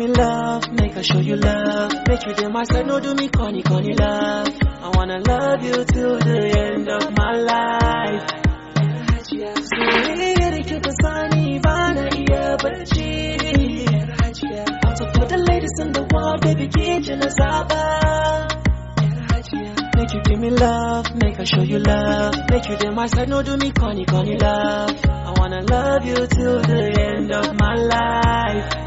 me love, make I show you love. Make you my side, no do me corny, corny love. I wanna love you till the end of my life. Soyayya da kika sani ba na iya barci. Out of all the ladies in the world, baby, ke ce na zaba. Make you give me love, make I show you love. Make you them my side, no do me corny, corny love. I wanna love you till the end of my life.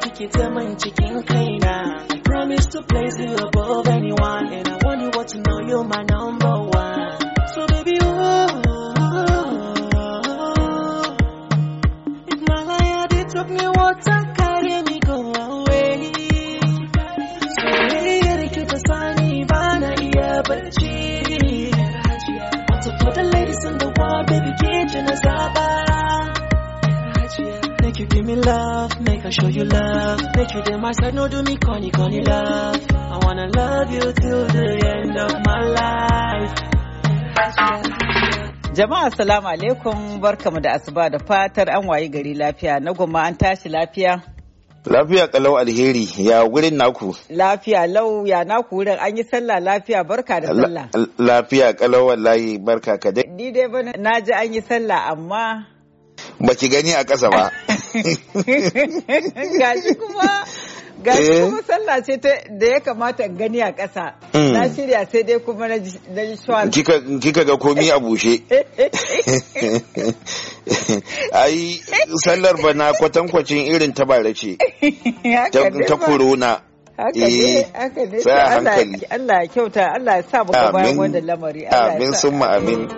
kike zaman chicken kaina I promise to place you above anyone And I want you all to know you're my number one So baby, oh, oh, oh, oh. If my liar, they took me water Carry me go away So hey, da ke ta sani ba na iya barci Wato for the ladies in the world, baby, get you na zaba Make you give me love, make can show you love. Make you dey my side, no do me corny, corny love. I wanna love you till the end of my life. Jama'a assalamu alaikum barkamu da asuba da fatar an wayi gari lafiya na goma an tashi lafiya. Lafiya kalau alheri ya wurin naku. Lafiya lau ya naku wurin an yi sallah lafiya barka da sallah. Lafiya kalau wallahi barka ka dai. Ni dai ba na ji an yi sallah amma. Baki gani a ƙasa ba. gashi kuma gashi eh? kuma sallah ce ta da ya kamata in gani a ƙasa hmm. na shirya sai dai kuma na ji shawar kika ga komi a bushe ai sallar bana kwatankwacin irin ta ce ta corona haka ne eh, haka ne Allah ya kyauta Allah ya sa muka bayan wanda lamari amin summa amin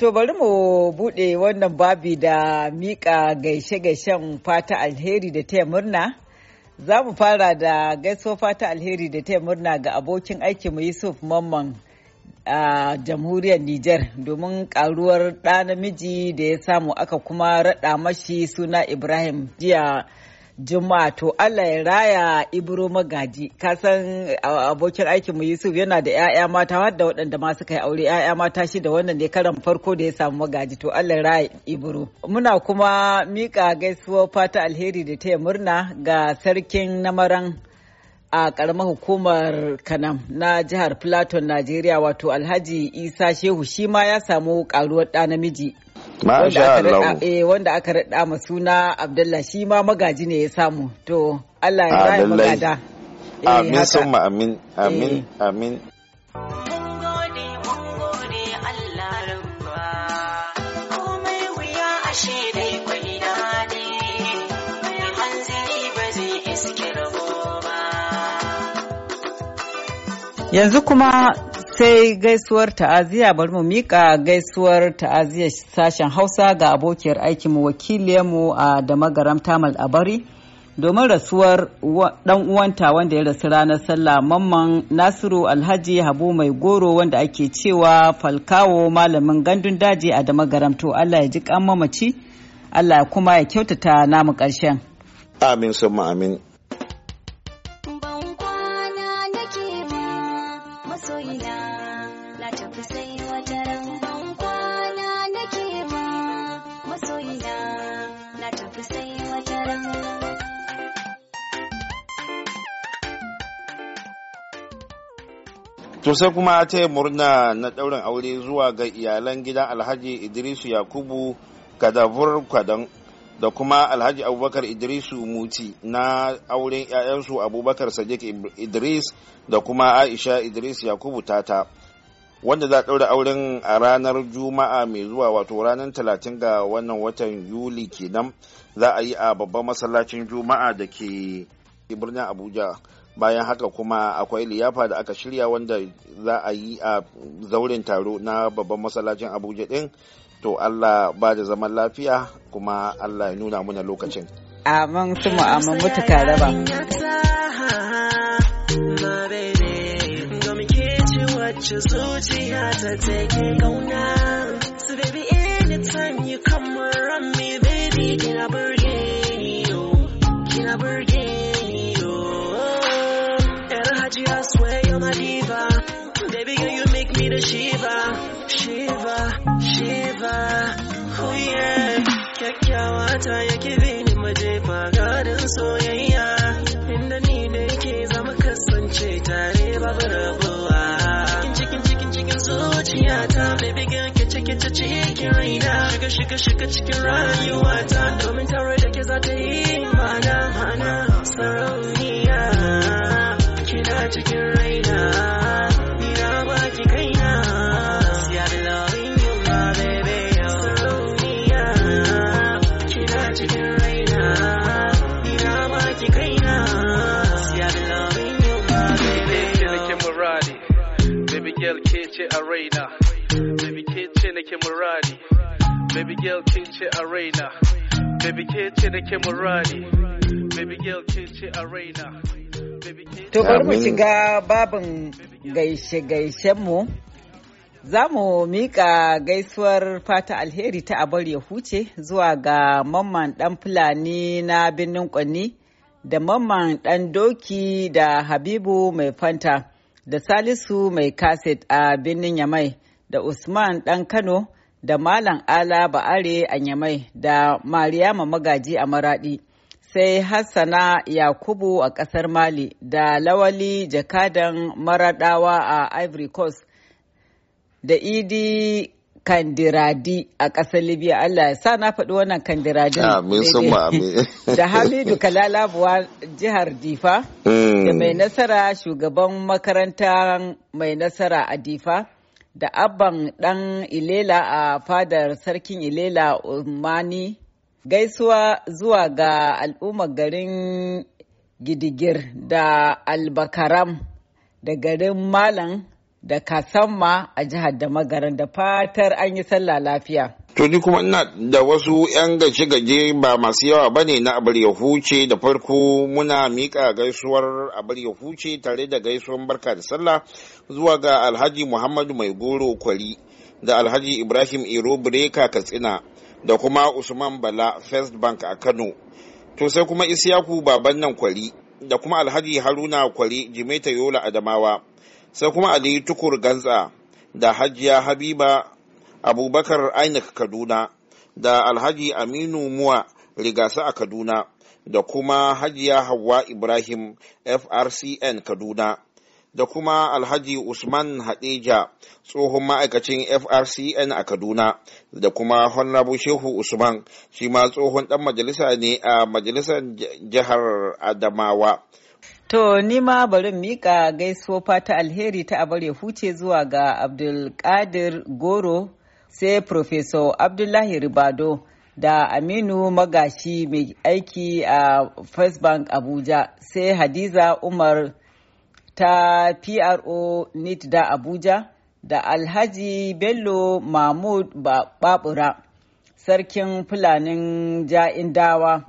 To bari mu buɗe wannan babi da miƙa gaishe-gaishen fata alheri da taya murna. Za mu fara da gaiso fata alheri da taya murna ga abokin aiki mu Yusuf Mamman a jamhuriyar Nijar domin karuwar ɗa namiji da ya samu aka kuma raɗa mashi suna Ibrahim jiya Juma'a to Allah ya raya Ibro Magaji kasan abokin aikinmu Yusuf yana da ƴaƴa mata har da waɗanda ma suka yi aure ƴaƴa mata shi da wannan ne karan farko da ya samu magaji to Allah ya raya Ibro. Muna kuma mika gaisuwar fata alheri da taya murna ga sarkin namaran a karamar hukumar kanam na jihar platon najeriya wato alhaji isa shehu shi ma ya samu karuwar ɗa namiji eh, wanda aka raɗa ma suna abdullah shi ma magaji ne ya samu to allah ya magada eh, amin sun amin amin eh. amin Yanzu kuma sai gaisuwar ta'aziyya bari mu mika gaisuwar ta'aziyya sashen Hausa ga abokiyar aikinmu wakiliyarmu a da magaram Tamal Abari domin rasuwar dan uwanta wanda ya rasu ranar sallah mamman Nasiru Alhaji Habu Mai Goro wanda ake cewa Falkawo malamin gandun daji a da to Allah ya ji kan mamaci Allah kuma ya kyautata namu ƙarshen. Amin sun amin. To sai kuma ta yi murna na daurin aure zuwa ga iyalan gidan Alhaji Idrisu Yakubu kadavur Kwadon da kuma Alhaji Abubakar Idrisu Muti na auren 'ya'yansu Abubakar Sadiq Idris da kuma Aisha Idris Yakubu Tata. Wanda za a ɗaura auren a ranar Juma'a mai zuwa wato ranar talatin ga wannan watan Yuli kenan za a yi a babban masallacin Juma'a da ke birnin Abuja. bayan haka kuma akwai liyafa da aka shirya wanda za a yi a zaurin taro na babban masallacin abuja din to allah ba da zaman lafiya kuma allah ya nuna muna lokacin amin su amin mutuka raba ta anytime you come around me baby burn you? Can I burn you? my diva. Baby girl, you make me the Shiva. Shiva, Shiva. Oh yeah. Kyakkyawa ta yake bini majefa gadin soyayya. Inda ni da yake zama kasance tare babu rabuwa. Cikin cikin cikin ta baby girl ke cike ta cikin raina. Shiga shiga shiga cikin rayuwata domin tare da ke za ta yi mana mana sarauniya. Kina cikin kinche arena baby kinche ce nake muradi baby girl kinche arena a raina baby ke ce nake baby girl kinche arena To bari mu shiga babin gaishe-gaishen mu. Za mu mika gaisuwar fata alheri ta abar ya huce zuwa ga mamman ɗan Fulani na birnin Kwanni da mamman ɗan Doki da Habibu mai fanta. da Salisu mai kaset a birnin Yamai da Usman ɗan Kano da Malam Ala Ba'are a Yamai da Mariyama Magaji a Maraɗi. Sai Hassana Yakubu a ƙasar Mali da Lawali Jakadan Maraɗawa a Ivory Coast da Idi kandiradi a ƙasar libya allah ya sa na faɗi wannan kandiradi da hamidu kalalabuwa jihar difa hmm. da mai nasara shugaban makaranta mai nasara a difa da abban dan ilela a fadar sarkin ilela umani gaisuwa zuwa ga al'ummar garin gidigir da albakaram da garin malam da Kasamma a jihar da magaran da fatar an yi sallah lafiya. To ni kuma ina da wasu 'yan gaje-gaje ba masu yawa ba ne na abar huce da farko muna miƙa gaisuwar abar huce tare da gaisuwar barka da sallah zuwa ga Alhaji Muhammadu Mai Goro Kwari da Alhaji Ibrahim Iro Breka Katsina da kuma Usman Bala First Bank a Kano. To sai kuma Isiyaku baban nan kwari da kuma Alhaji Haruna Kwari Jimeta Yola Adamawa. sai kuma aliyu tukur gantsa da hajiya habiba abubakar ainih kaduna da alhaji aminu muwa rigasa a kaduna da kuma hajiya hawa ibrahim frcn kaduna da kuma alhaji usman hadeja tsohon ma'aikacin frcn a kaduna da kuma honorable shehu usman shi ma tsohon dan majalisa ne a majalisar jihar adamawa To ni ma bari mika gaisuwa fata alheri ta abar ya huce zuwa ga Abdulkadir Goro sai Professor Abdullahi Ribado da Aminu Magashi mai aiki a First Bank Abuja sai Hadiza Umar ta PRO NIT da Abuja da Alhaji Bello Mahmud Babura Sarkin Fulanin Ja'in da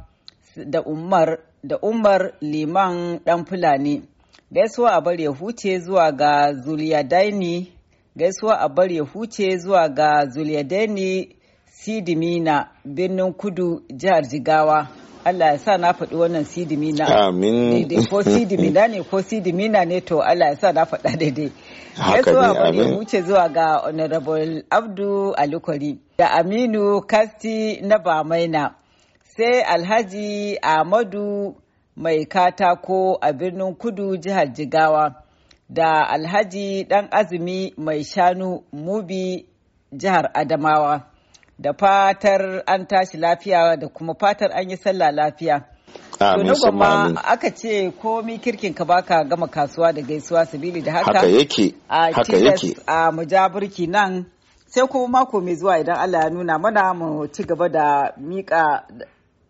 Umar da Umar Liman ɗan Fulani. Gaisuwa a bar huce zuwa ga Daini, gaisuwa a bar huce zuwa ga Daini Sidimina birnin kudu jihar Jigawa. Allah ya sa na faɗi wannan sidimina. Amin. Ko sidimina ne ko sidimina ne to Allah ya sa na faɗa daidai. Haka a amin. huce zuwa ga Honorable Abdu Alukori. da Aminu Kasti na Bamaina sai Alhaji Ahmadu mai katako a birnin kudu jihar Jigawa da Alhaji ɗan azumi mai shanu mubi jihar Adamawa. Da fatar an tashi lafiya da kuma fatar an yi sallah lafiya. Amin aka ce komi kirkin ka baka gama kasuwa da gaisuwa sabili da haka. yake. Haka yake. A mujaburki nan sai kuma mako mai zuwa idan Allah ya nuna mana mu ci gaba da mika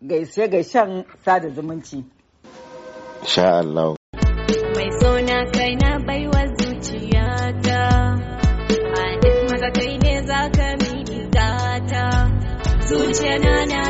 gaishe-gaishen sada zumunci. Sha Allah. Mai sona kai na baiwa zuciyata, a duk maza kai ne za ka mi ta, zuciya na na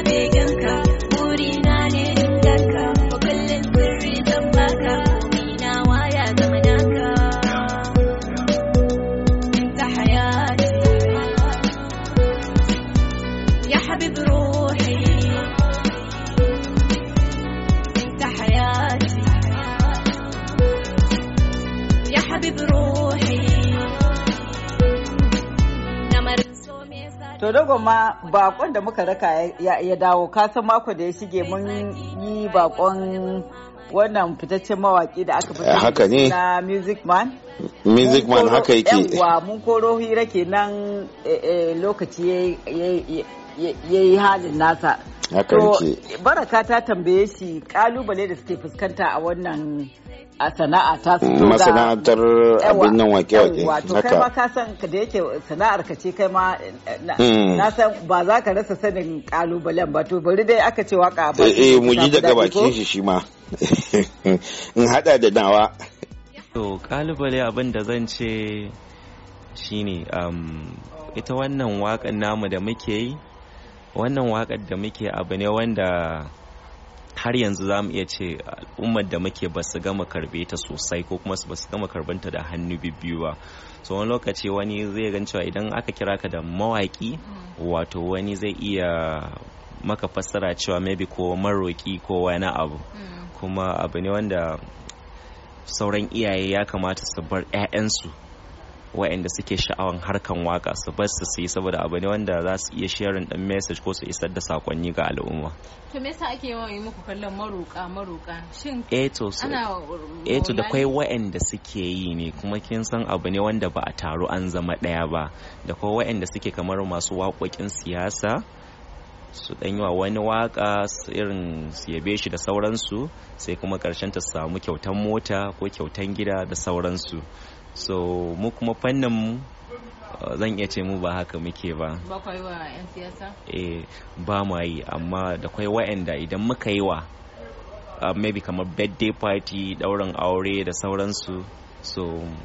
Zodogon ma bakon da muka raka ya dawo kasan mako da ya shige mun yi bakon wannan fitaccen mawaki da aka fi eh, haka ne na music man music man haka yake mun koro hira kenan eh, eh, lokaci ya yi halin nasa To, baraka ta tambaye shi kalubale da suke fuskanta a wannan a sana'a ta su masana'antar abin nan wake-wake wato kai ma ka san da yake sana'ar ka ce kai ma na hmm. san ba za ka rasa sanin kalubalen ba to bari dai aka ce waka ba eh, eh mu ji daga bakin shi shi ma in hada da nawa to kalubale abin da zan ce shine um, ita wannan wakan namu da muke yi wannan wakar da muke abu ne wanda har yanzu za mu iya ce al'ummar da muke ba su gama karbe ta sosai ko kuma ba su gama karbanta da hannu biyu ba so wani lokaci wani zai gan cewa idan aka kira ka da mawaƙi wato wani zai iya maka fassara cewa maybe ko maroƙi ko wani abu mm. kuma abu ne wanda sauran iyaye ya kamata su bar 'ya'yansu wa'anda suke sha'awan harkan waka su bar su yi saboda abu ne wanda za su iya sharing ɗan message ko su isar da sakonni ga al'umma to me yasa ake yawan yi muku kallon shin eh to eh da kai wa'anda suke yi ne kuma kin san abu ne wanda ba a taro an zama ɗaya ba da kuma wa'anda suke kamar masu waƙoƙin siyasa su dan wa wani waka irin su yabe shi da sauransu sai kuma karshen ta samu kyautan mota ko kyautan gida da sauransu so mu kuma fannin mu uh, zan iya ce mu ba haka muke ba ba kwai wa 'yan siyasa eh ba ma yi amma da kwai wa'anda idan muka yi wa uh, maybe kamar birthday party dauran aure da sauransu so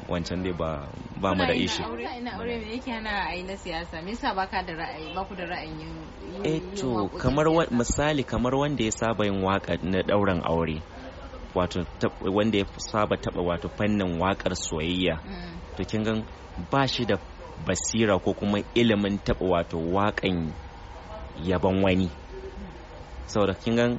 wancan dai ba mu da ishi ina aure me yake hana a yi na siyasa me yasa baka da ra'ayi ba ku da ra'ayin yin eh to kamar misali kamar wanda ya saba yin waka na dauran aure wato wanda ya saba taba wato fannin wakar soyayya mm. to kin gan ba shi da basira ko kuma ilimin taba wato wakan yaban wani saboda kin gan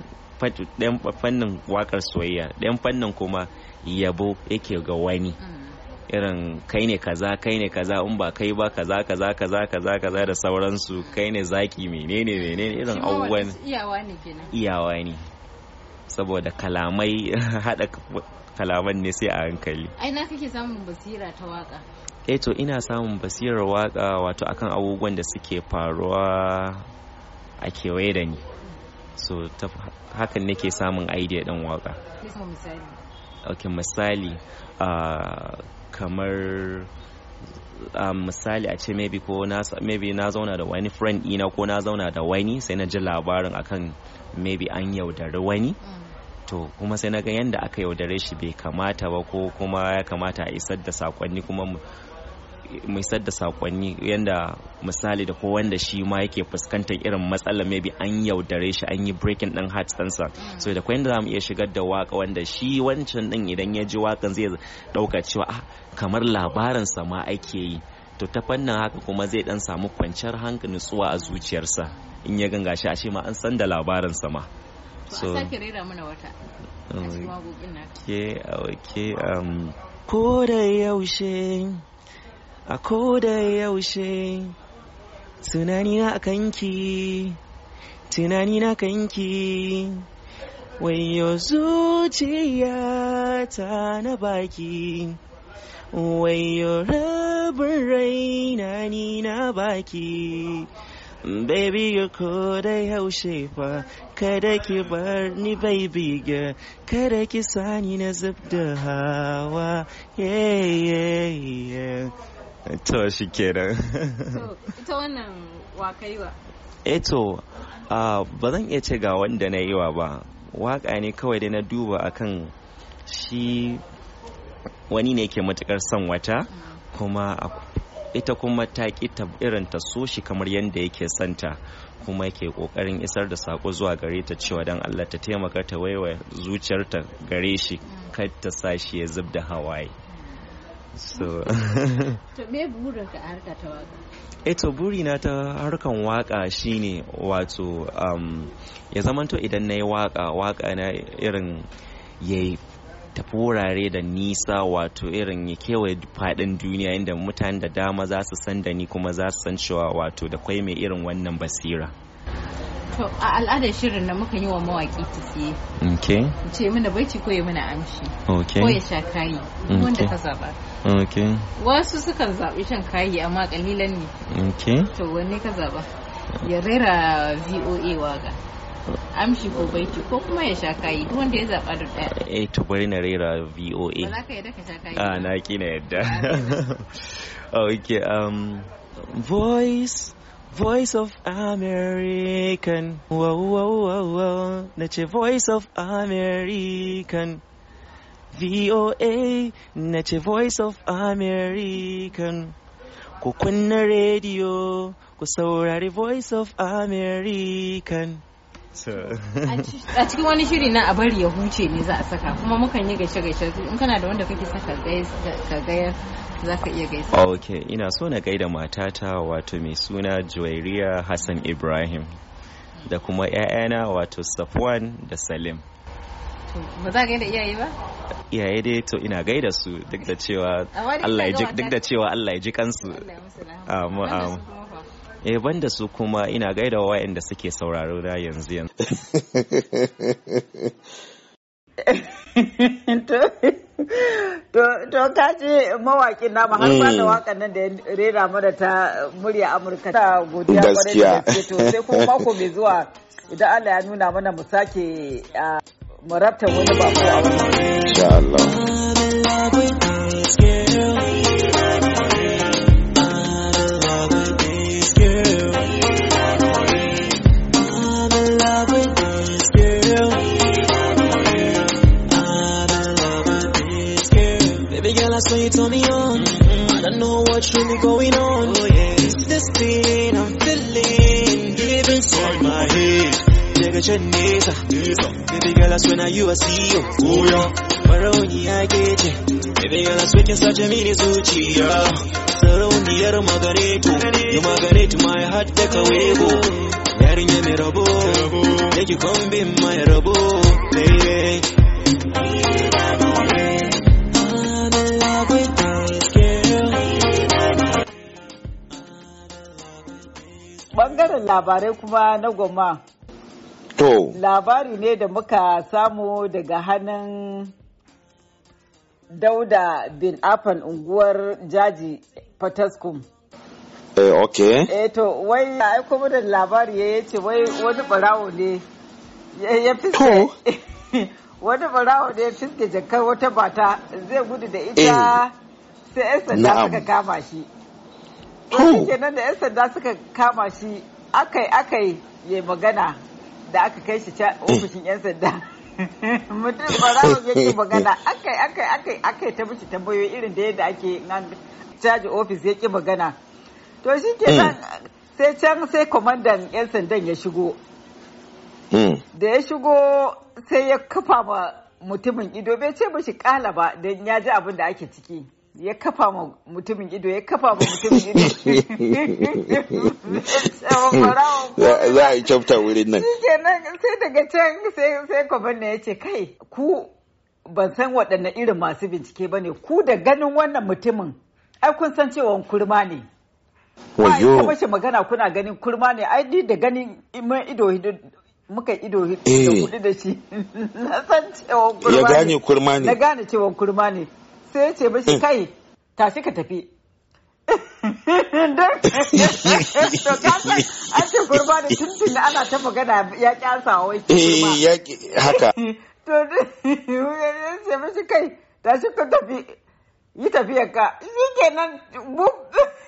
fannin wakar soyayya ɗayan fannin kuma yabo yake ga wani mm. irin kai ne kaza kai ne kaza in ba kai ba kaza kaza kaza kaza kaza da sauransu kai ne zaki menene menene irin abubuwan iyawa ne iyawa ne saboda kalamai haɗa kalaman ne sai a hankali ai na kake samun basira ta waka eh to ina samun basirar waka wato akan abubuwan da suke faruwa a kewaye da ni so hakan nake samun idea ɗin waka ok misali uh, kamar uh, misali a ce ko na maybe na zauna da wani friend ina ko na zauna da wani sai na ji labarin akan maybe an yaudari wani to kuma sai na ga yadda aka yaudare shi bai kamata ba ko kuma ya kamata a isar da sakonni kuma mu isar da sakonni yadda misali da ko wanda shi ma yake fuskantar irin matsala maybe an yaudare shi an yi breaking din heart ɗansa so da yadda da mu iya shigar da waka wanda shi wancan din idan ya ji wakan zai ɗauka cewa ah kamar labarin sa ma ake yi to ta fannin haka kuma zai dan samu kwanciyar hankali nutsuwa a zuciyarsa in ya ganga shi a ce ma an san da labarin sama so a sake rera mana wata mm. ke okay um, ko da yaushe a ko da yaushe tunani na kanki tunani na kanki wayo zuciya ta na baki wayo rabin raina ni na baki Baby ga ko da yaushe fa kada ki bar ni baby ga kada ki sani na zub da hawa to shi kenan ita wannan wakaiwa eto eh ba zan iya ce ga wanda na yiwa ba waka ne kawai dai na duba akan shi wani ne yake matukar son wata kuma ita kuma ta ki ta irin ta so shi kamar yadda yake santa kuma yake ƙoƙarin isar da sako zuwa gare ta cewa don Allah ta taimaka ta waiwa zuciyarta gare shi kar ta sa shi ya zub da hawaye so to me burin ka harka ta waka eh to burina ta harkan waka shine wato um, ya zamanto idan na yi waka waka na irin yayi tafi wurare da nisa wato irin ya kewaye faɗin duniya inda mutane da dama za su san da ni kuma za su san cewa wato da kwai mai irin wannan basira to a al'adar shirin da muka yi wa mawaki tsaye okay ce mana baici ko ya mana amshi ko ya sha kayi wanda ka zaba wasu sukan zaɓi shan kayi amma kalilan ne okay to wanne ka zaba ya rera VOA waga amshi ko baiti ko kuma ya sha kayi duk wanda ya zaba da daya eh to bari na rera VOA ba za ka yadda ka sha kayi ah na ki na yadda okay um voice Voice of American, wow, wow, wow, wow, na Voice of American, VOA, na ce Voice of American, ku kunna radio ku saurari Voice of American. a cikin wani shiri na a bari ya huce ne za a saka kuma mukan yi gaishe gaishe in kana da wanda kake saka ka gayar za ka iya gaisa ok ina so na gaida matata wato mai suna juwairiya hassan ibrahim da kuma 'ya'yana wato safwan da salim ba za ka gaida iyaye ba iyaye dai to ina gaida su duk da cewa Allah ya ji kansu eh banda su kuma ina gaida wa'anda suke sauraro da yanzu yanzu to ka ce na ma har ba da mm. wakan nan da ya rera mana ta murya amurka ta godiya kwarai da to sai kuma mako mai zuwa idan Allah ya nuna mana mu sake ah, mu rabta wani babu a wani what's really going on? Oh, yeah. It's this pain I'm feeling deep inside my head. Daga can nesa, baby girl, I swear now you I CEO. you. Oh yeah, Maroni I get you. Baby girl, I swear you're such a mini zuchi yeah. Sarauniyar magaretu, you You're magaretu my heart take away go. Yarinya my rabo, make you come be my rabo, baby. karin labarai kuma na goma. To. Labari ne da muka samu daga hannun Dauda bin Afan unguwar jaji Potaskum. Eh, ok. Eh, to, wai ya aiko mana labari ya ce wai wani barawo ne ya fiske. Wani barawo ne ya fiske jakar wata bata zai gudu da ita eh. sai 'yan sanda suka kama shi. To. Kenan da 'yan sanda suka kama shi akai akai ya magana da aka kai shi eh. ofishin 'yan sanda mutum za ya yake magana akai akai akai akai ta mishi tambayoyi irin da yadda ake nan caji ofis ya ki magana to shi ke nan hmm. sai can sai kwamandan 'yan sandan ya shigo hmm. da ya shigo sai ya kafa ma mutumin ido bai ce mishi kala ba don ya ji abin da ake ciki ya kafa ma mutumin ido ya kafa ma mutumin ido za a yi cafta wurin nan sai daga can sai kwaban ya ce kai ku ban san waɗanne irin masu bincike ba ne ku da ganin wannan mutumin ai kun san cewa kurma ne wayo ba mashi magana kuna ganin kurma ne ai ni da ganin ido muka eh. ido da kudu da shi na san cewa kurma ne na gane cewa kurma ne sai ya ce shi eh. kai tashi ka tafi to kasan an ce kurma da tuntun da ana ta magana ya kyasa wai eh, haka to ya ce shi kai tashi ka tafi yi tafiyarka shi kenan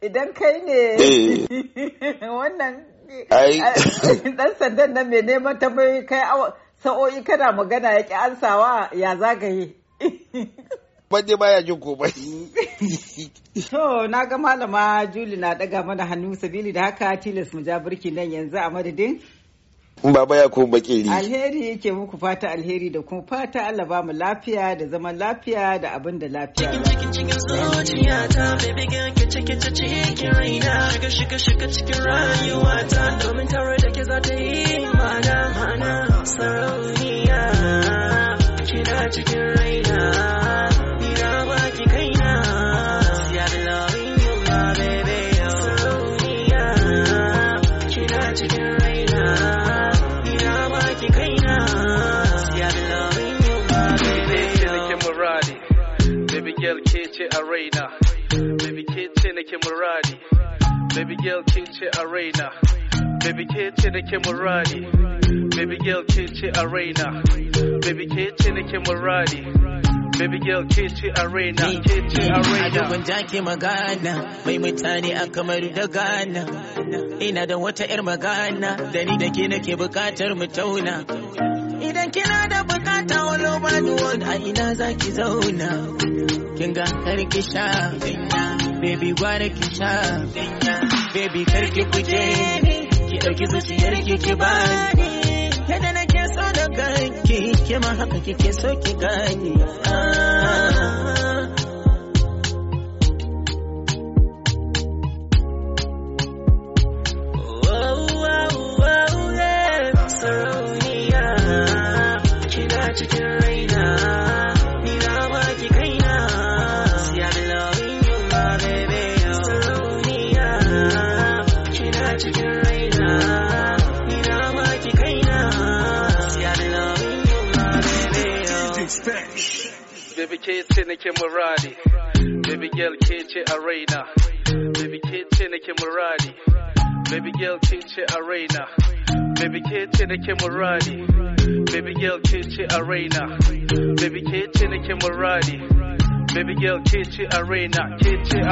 Idan kai ne eh. wannan eh, eh, dan sandan nan mai neman tambayoyi kai sa'o'i kana magana ya ƙi ansawa ya zagaye. Bande ya jin komai. To na ga malama Juli na ɗaga mana hannu sabili da haka tilas mu ja birki nan yanzu a madadin. Baba ya kuma bakiri. Alheri yake muku fata alheri da kuma fata Allah ba mu lafiya da zaman lafiya da abin da lafiya. Cikin cikin cikin zuciya ta baby girl ke cikin cikin raina shiga shiga shiga cikin rayuwa ta domin tare da ke za ta yi mana mana sarauniya kina cikin raina. nake murari baby girl kin ce a raina baby ke ce nake baby girl ke ce baby ke ce nake baby girl ke ce a raina ke ce a raina gana ina da wata yar magana da ni da ke nake bukatar mu tauna idan kina da bukata ina zaki zauna kin ga karki baby gwada ki sha baby karki guje ni ki dauki zuciyar ki ki bani kada nake so da ganki ke ma haka kike so ki gani ah. oh, oh, oh, Sarauniya, kina cikin Baby K nake muradi Baby girl ke arena. Baby ke ce nake Baby girl ke arena. Baby ke ce nake Baby girl ke arena. Baby ke ce nake Baby girl ke arena.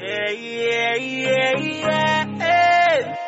Yeah, yeah, yeah, yeah.